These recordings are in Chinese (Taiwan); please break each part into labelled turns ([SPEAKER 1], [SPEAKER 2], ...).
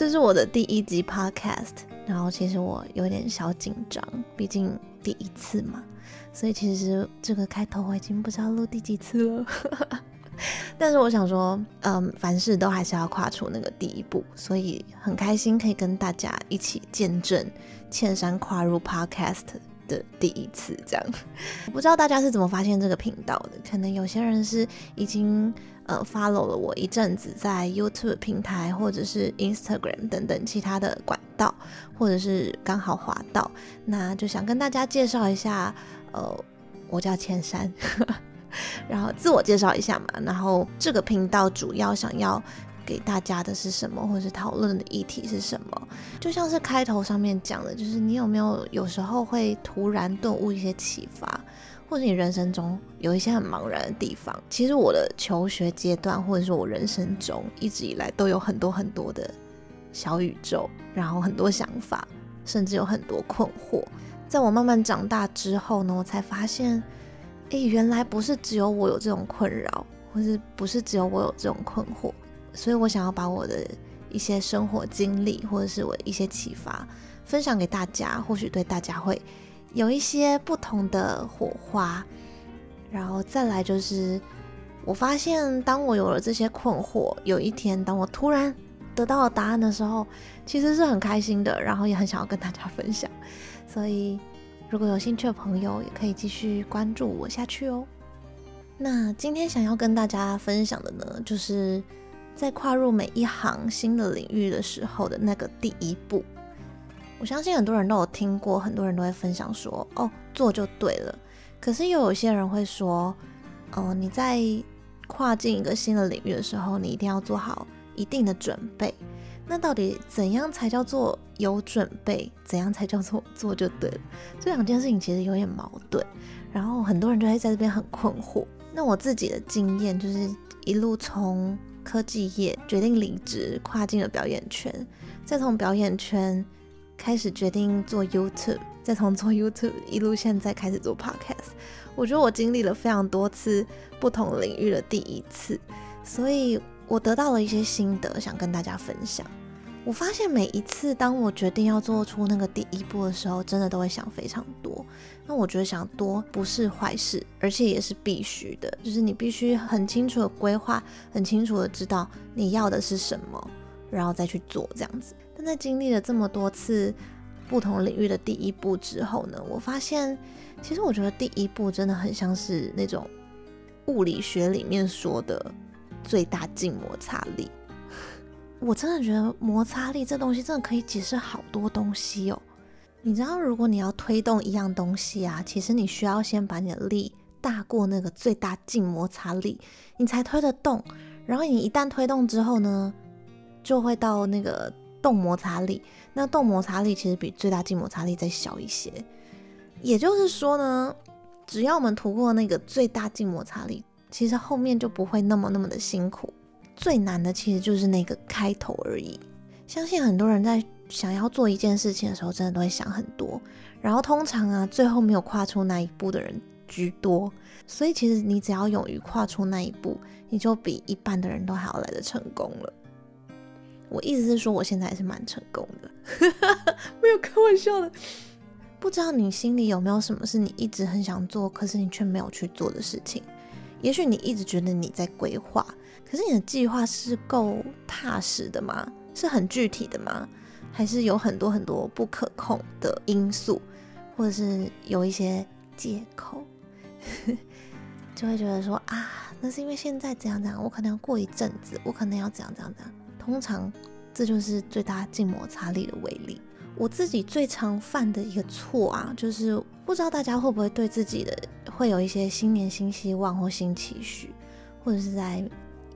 [SPEAKER 1] 這是我的第一集 podcast，然後其實我有點小緊張，畢竟第一次嘛，所以其實這個開頭我已經不知道錄第幾次了。 但是我想說，嗯，凡事都還是要跨出那個第一步，所以很開心可以跟大家一起見證茜珊跨入 podcast 的第一次這樣，不知道大家是怎麼發現這個頻道的。可能有些人是已經呃 follow 了我一陣子，在 YouTube 平台或者是 Instagram 等等其他的管道，或者是剛好滑到，那就想跟大家介紹一下。呃，我叫茜珊呵呵，然後自我介紹一下嘛。然後這個頻道主要想要。給大家的是什麼，或是討論的議題是什麼？就像是開頭上面講的，就是你有沒有有時候會突然頓悟一些啟發，或者你人生中有一些很茫然的地方。其實我的求學階段，或者是我人生中一直以來都有很多很多的小宇宙，然後很多想法，甚至有很多困惑。在我慢慢長大之後呢，我才發現，哎，原來不是只有我有這種困擾，或是不是只有我有這種困惑。所以我想要把我的一些生活經歷，或者是我的一些啟發，分享給大家，或許對大家會有一些不同的火花。然後再來就是，我發現當我有了這些困惑，有一天當我突然得到了答案的時候，其實是很開心的，然後也很想要跟大家分享。所以如果有興趣的朋友，也可以繼續關注我下去哦。那今天想要跟大家分享的呢，就是。在跨入每一行新的領域的時候的那個第一步，我相信很多人都有聽過，很多人都會分享說：“哦，做就對了。”可是又有些人會說：“哦、呃，你在跨進一個新的領域的時候，你一定要做好一定的準備。”那到底怎樣才叫做有準備？怎樣才叫做做就對了？這兩件事情其實有點矛盾，然後很多人就會在這邊很困惑。那我自己的經驗就是一路從科技業決定離職，跨進了表演圈，再從表演圈開始決定做 YouTube，再從做 YouTube 一路現在開始做 Podcast。我覺得我經歷了非常多次不同領域的第一次，所以我得到了一些心得，想跟大家分享。我發現每一次當我決定要做出那個第一步的時候，真的都會想非常多。那我覺得想多不是壞事，而且也是必須的，就是你必須很清楚的規劃，很清楚的知道你要的是什麼，然後再去做這樣子。但在經歷了這麼多次不同領域的第一步之後呢，我發現其實我覺得第一步真的很像是那種物理學裡面說的最大靜摩擦力。我真的覺得摩擦力這東西真的可以解釋好多東西哦、喔。你知道，如果你要推動一樣東西啊，其實你需要先把你的力大過那個最大靜摩擦力，你才推得動。然後你一旦推動之後呢，就會到那個動摩擦力。那動摩擦力其實比最大靜摩擦力再小一些。也就是說呢，只要我們塗過那個最大靜摩擦力，其實後面就不會那麼那麼的辛苦。最難的其實就是那個開頭而已。相信很多人在想要做一件事情的時候，真的都會想很多。然後通常啊，最後沒有跨出那一步的人居多。所以其實你只要勇於跨出那一步，你就比一般的人都還要來的來得成功了。我意思是說，我現在還是蠻成功的， 沒有開玩笑的。不知道你心裡有沒有什麼是你一直很想做，可是你卻沒有去做的事情？也許你一直覺得你在規劃。可是你的計劃是夠踏實的嗎？是很具體的嗎？還是有很多很多不可控的因素，或者是有一些借口， 就會覺得說啊，那是因為現在怎樣怎樣，我可能要過一陣子，我可能要怎樣怎樣怎樣。通常這就是最大靜摩擦力的威力。我自己最常犯的一個錯啊，就是不知道大家會不會對自己的會有一些新年新希望或新期許，或者是在。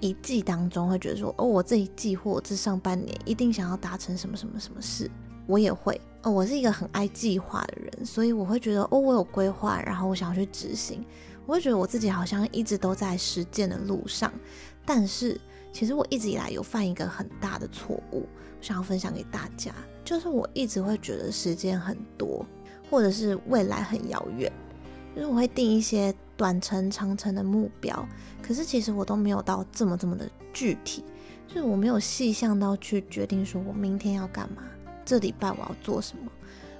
[SPEAKER 1] 一季當中會覺得說，哦，我這一季或這上半年一定想要達成什麼什麼什麼事，我也會，哦，我是一個很愛計劃的人，所以我會覺得，哦，我有規劃，然後我想要去執行，我會覺得我自己好像一直都在實踐的路上，但是其實我一直以來有犯一個很大的錯誤，想要分享給大家，就是我一直會覺得時間很多，或者是未來很遙遠，就是我會定一些。短程、長程的目標，可是其實我都沒有到這麼這麼的具體，就是我沒有細想到去決定說我明天要幹嘛，這禮拜我要做什麼，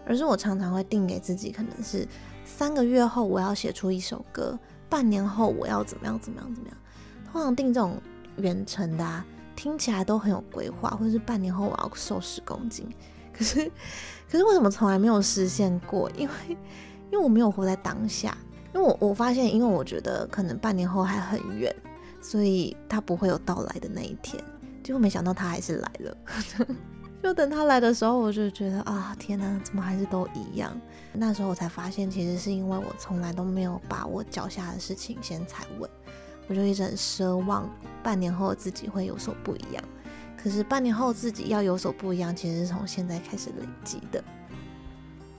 [SPEAKER 1] 而是我常常會定給自己，可能是三個月後我要寫出一首歌，半年後我要怎麼樣怎麼樣怎麼樣，通常定這種遠程的啊，聽起來都很有規劃，或者是半年後我要瘦十公斤，可是可是為什麼從來沒有實現過？因為因為我沒有活在當下。因為我我發現，因為我覺得可能半年後還很遠，所以他不會有到來的那一天。結果沒想到他還是來了。 就等他來的時候，我就覺得啊，天哪，怎麼還是都一樣？那時候我才發現，其實是因為我從來都沒有把我腳下的事情先踩穩，我就一直很奢望半年後自己會有所不一樣。可是半年後自己要有所不一樣，其實是從現在開始累積的。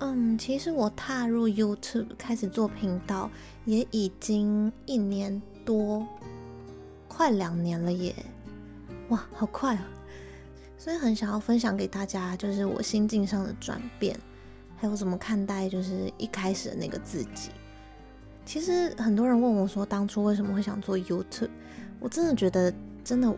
[SPEAKER 1] 嗯，其實我踏入 YouTube 開始做頻道也已經一年多，快兩年了耶！哇，好快啊！所以很想要分享給大家，就是我心境上的轉變，還有怎麼看待就是一開始的那個自己。其實很多人問我說，當初為什麼會想做 YouTube，我真的覺得真的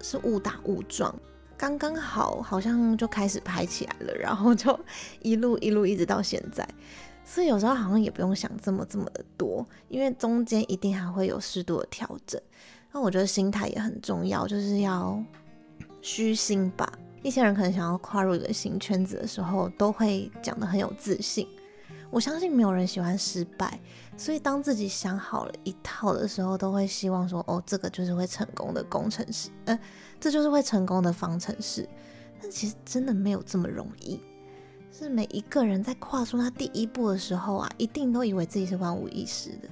[SPEAKER 1] 是誤打誤撞。剛剛好，好像就開始拍起來了，然後就一路一路一直到現在，所以有時候好像也不用想這麼這麼的多，因為中間一定還會有適度的調整。那我覺得心態也很重要，就是要虛心吧。一些人可能想要跨入一個新圈子的時候，都會講的很有自信。我相信沒有人喜歡失敗，所以當自己想好了一套的時候，都會希望說，哦，這個就是會成功的工程師，呃，這就是會成功的方程式。但其實真的沒有這麼容易，是每一個人在跨出他第一步的時候啊，一定都以為自己是萬無一失的。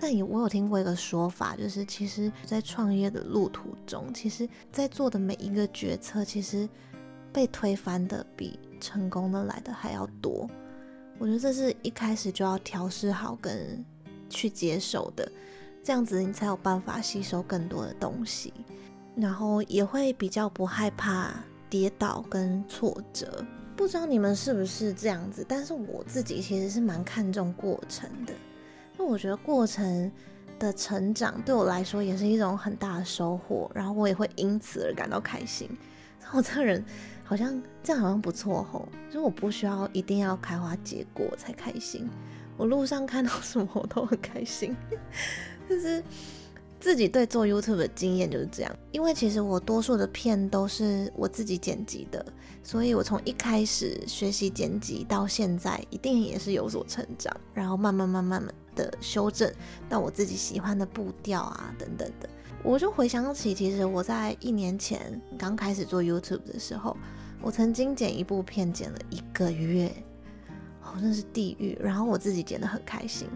[SPEAKER 1] 但也我有聽過一個說法，就是其實在創業的路途中，其實在做的每一個決策，其實被推翻的比成功的來的還要多。我覺得這是一開始就要調試好跟去接受的，這樣子你才有辦法吸收更多的東西，然後也會比較不害怕跌倒跟挫折。不知道你們是不是這樣子，但是我自己其實是蠻看重過程的，那我覺得過程的成長對我來說也是一種很大的收穫，然後我也會因此而感到開心。我這個人好像這樣好像不錯吼，就是我不需要一定要開花結果才開心。我路上看到什麼我都很開心，就 是自己對做 YouTube 的經驗就是這樣。因為其實我多數的片都是我自己剪輯的，所以我從一開始學習剪輯到現在，一定也是有所成長，然後慢慢慢慢慢慢的修正，但我自己喜歡的步調啊，等等的。我就回想起，其實我在一年前剛開始做 YouTube 的時候，我曾經剪一部片剪了一個月，哦，好像是地獄。然後我自己剪的很開心。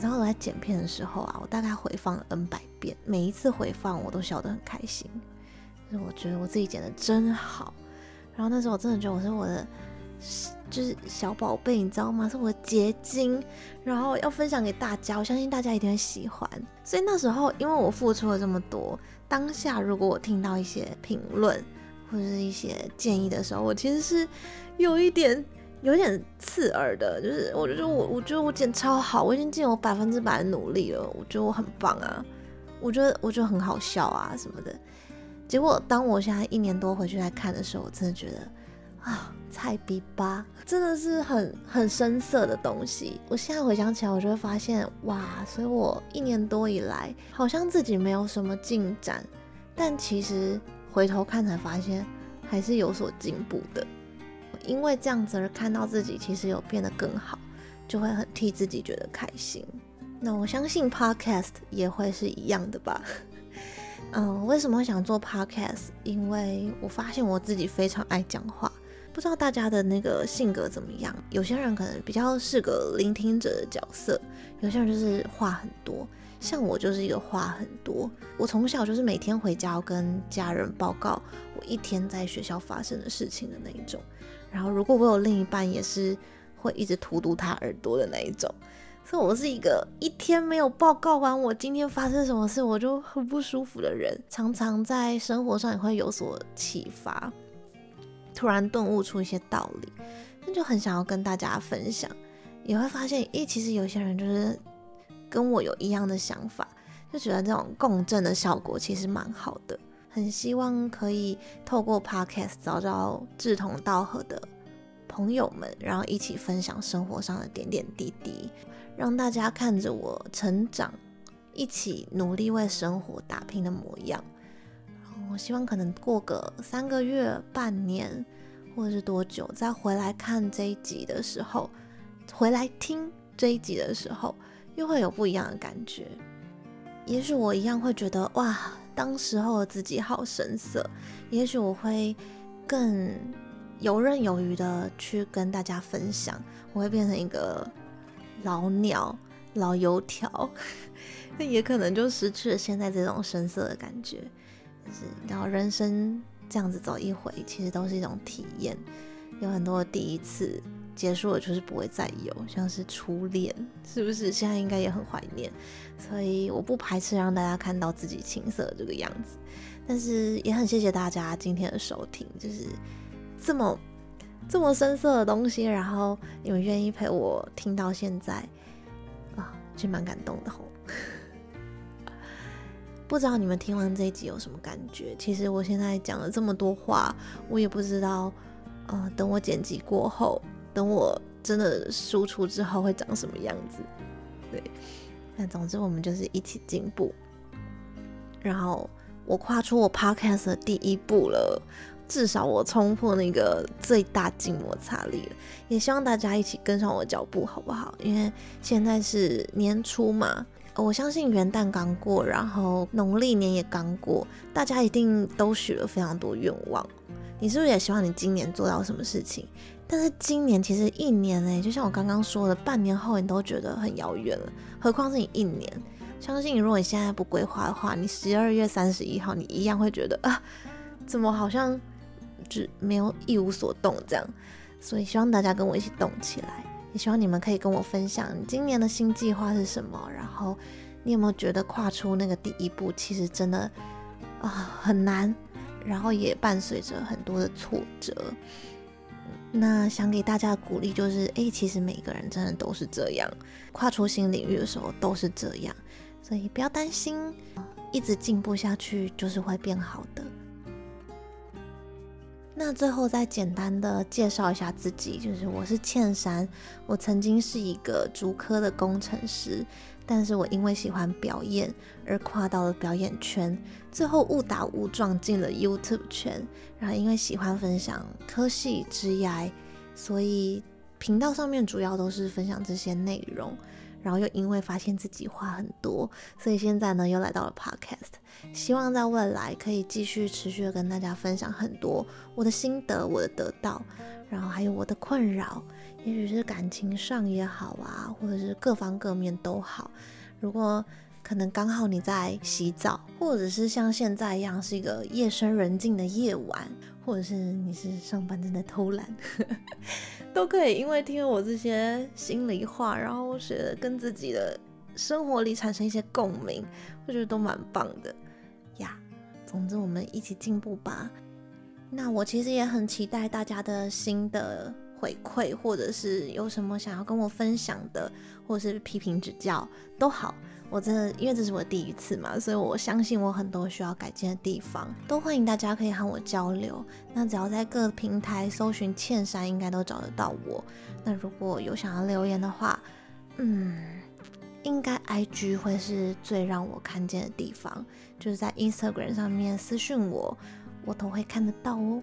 [SPEAKER 1] 然後我在剪片的時候啊，我大概回放了 N 百遍，每一次回放我都笑得很開心，所以我覺得我自己剪的真好。然後那時候我真的覺得我是我的。就是小寶貝，你知道嗎？是我的結晶，然後要分享給大家，我相信大家一定會喜歡。所以那時候，因為我付出了這麼多，當下如果我聽到一些評論或者是一些建議的時候，我其實是有一點有一點刺耳的。就是我就是我，我覺得我剪超好，我已經盡我百分之百的努力了，我覺得我很棒啊，我覺得我覺得很好笑啊什麼的。結果當我現在一年多回去來看的時候，我真的覺得。啊、哦，菜逼巴真的是很很生澀的東西。我現在回想起來，我就會發現哇，所以我一年多以來好像自己沒有什麼進展，但其實回頭看才發現還是有所進步的。因為這樣子而看到自己其實有變得更好，就會很替自己覺得開心。那我相信 podcast 也會是一樣的吧？嗯，為什麼想做 podcast？因為我發現我自己非常愛講話。不知道大家的那個性格怎麼樣？有些人可能比較適合聆聽者的角色，有些人就是話很多。像我就是一個話很多，我從小就是每天回家跟家人報告我一天在學校發生的事情的那一種。然後如果我有另一半，也是會一直荼毒他耳朵的那一種。所以我是一個一天沒有報告完我今天發生什麼事我就很不舒服的人，常常在生活上也會有所啟發。突然頓悟出一些道理，那就很想要跟大家分享。也會發現，誒、欸，其實有些人就是跟我有一樣的想法，就覺得這種共振的效果其實蠻好的。很希望可以透過 podcast 找找志同道合的朋友們，然後一起分享生活上的點點滴滴，讓大家看着我成長，一起努力為生活打拼的模樣。我希望可能過個三個月、半年，或者是多久，再回來看這一集的時候，回來聽這一集的時候，又會有不一樣的感覺。也許我一樣會覺得哇，當時候的自己好生澀，也許我會更游刃有餘的去跟大家分享，我會變成一個老鳥、老油條，那 也可能就失去了現在這種生澀的感覺。然後人生這樣子走一回，其實都是一種體驗，有很多第一次結束了就是不會再有，像是初戀，是不是？現在應該也很懷念，所以我不排斥讓大家看到自己青澀這個樣子，但是也很謝謝大家今天的收聽，就是這麼這麼深色的東西，然後你們願意陪我聽到現在，啊，哦，就蠻感動的哦。不知道你們聽完這一集有什麼感覺？其實我現在講了這麼多話，我也不知道，呃，等我剪輯過後，等我真的輸出之後會長什麼樣子？對，那總之我們就是一起進步。然後我跨出我 Podcast 的第一步了，至少我衝破那個最大靜摩擦力了。也希望大家一起跟上我的腳步，好不好？因為現在是年初嘛。我相信元旦剛過，然後農曆年也剛過，大家一定都許了非常多願望。你是不是也希望你今年做到什麼事情？但是今年其實一年呢、欸，就像我剛剛說的，半年後你都覺得很遙遠了，何況是你一年。相信你，如果你現在不規劃的話，你十二月三十一號，你一樣會覺得啊，怎麼好像就沒有一無所動這樣。所以希望大家跟我一起動起來。希望你們可以跟我分享你今年的新計劃是什麼，然後你有沒有覺得跨出那個第一步其實真的啊很難，然後也伴隨着很多的挫折。那想給大家的鼓勵就是，哎，其實每個人真的都是這樣，跨出新領域的時候都是這樣，所以不要擔心，一直進步下去就是會變好的。那最後再簡單的介紹一下自己，就是我是茜珊，我曾經是一個竹科的工程師，但是我因為喜歡表演而跨到了表演圈，最後誤打誤撞進了 YouTube 圈，然後因為喜歡分享科系之涯，所以頻道上面主要都是分享這些內容。然後又因為發現自己話很多，所以現在呢，又來到了 Podcast，希望在未來可以繼續持續的跟大家分享很多我的心得、我的得到，然後還有我的困擾，也許是感情上也好啊，或者是各方各面都好。如果可能剛好你在洗澡，或者是像現在一樣是一個夜深人靜的夜晚。或者是你是上班正在偷懶，都可以因為聽了我這些心裡話，然後學跟自己的生活裡產生一些共鳴，我覺得都蠻棒的呀。Yeah, 總之我們一起進步吧。那我其實也很期待大家的新的回饋，或者是有什麼想要跟我分享的，或者是批評指教都好。我真的，因為這是我第一次嘛，所以我相信我很多需要改進的地方，都歡迎大家可以和我交流。那只要在各個平台搜尋茜珊，應該都找得到我。那如果有想要留言的話，嗯，應該 IG 會是最讓我看見的地方，就是在 Instagram 上面私訊我，我都會看得到哦。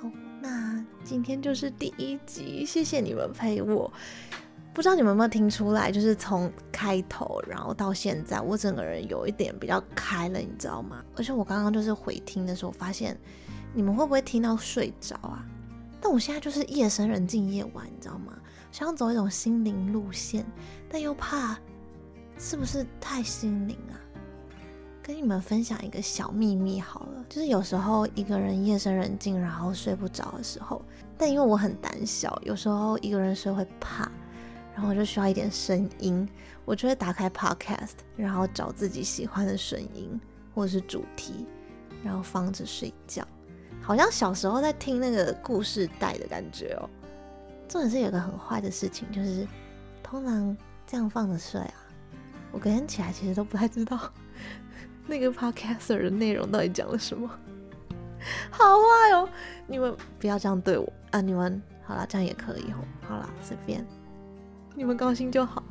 [SPEAKER 1] 好，那今天就是第一集，謝謝你們陪我。不知道你們有沒有聽出來，就是從開頭，然後到現在，我整個人有一點比較開了，你知道嗎？而且我剛剛就是回聽的時候，發現你們會不會聽到睡着啊？但我現在就是夜深人靜夜晚，你知道嗎？想要走一種心靈路線，但又怕是不是太心靈啊？跟你們分享一個小秘密好了，就是有時候一個人夜深人靜然後睡不着的時候，但因為我很膽小，有時候一個人睡會怕。然後就需要一點聲音，我就會打開 podcast，然後找自己喜歡的聲音或者是主題，然後放着睡覺。好像小時候在聽那個故事帶的感覺哦。重點是有個很壞的事情，就是通常這樣放着睡啊，我隔天起來其實都不太知道那個 podcaster 的內容到底講了什麼，好壞哦！你們不要這樣對我啊！你們好啦，這樣也可以哦。好啦，隨便。你們高興就好，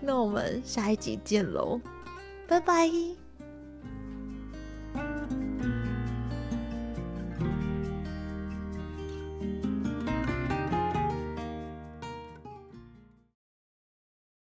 [SPEAKER 1] 那我們下一集見嘍，拜拜。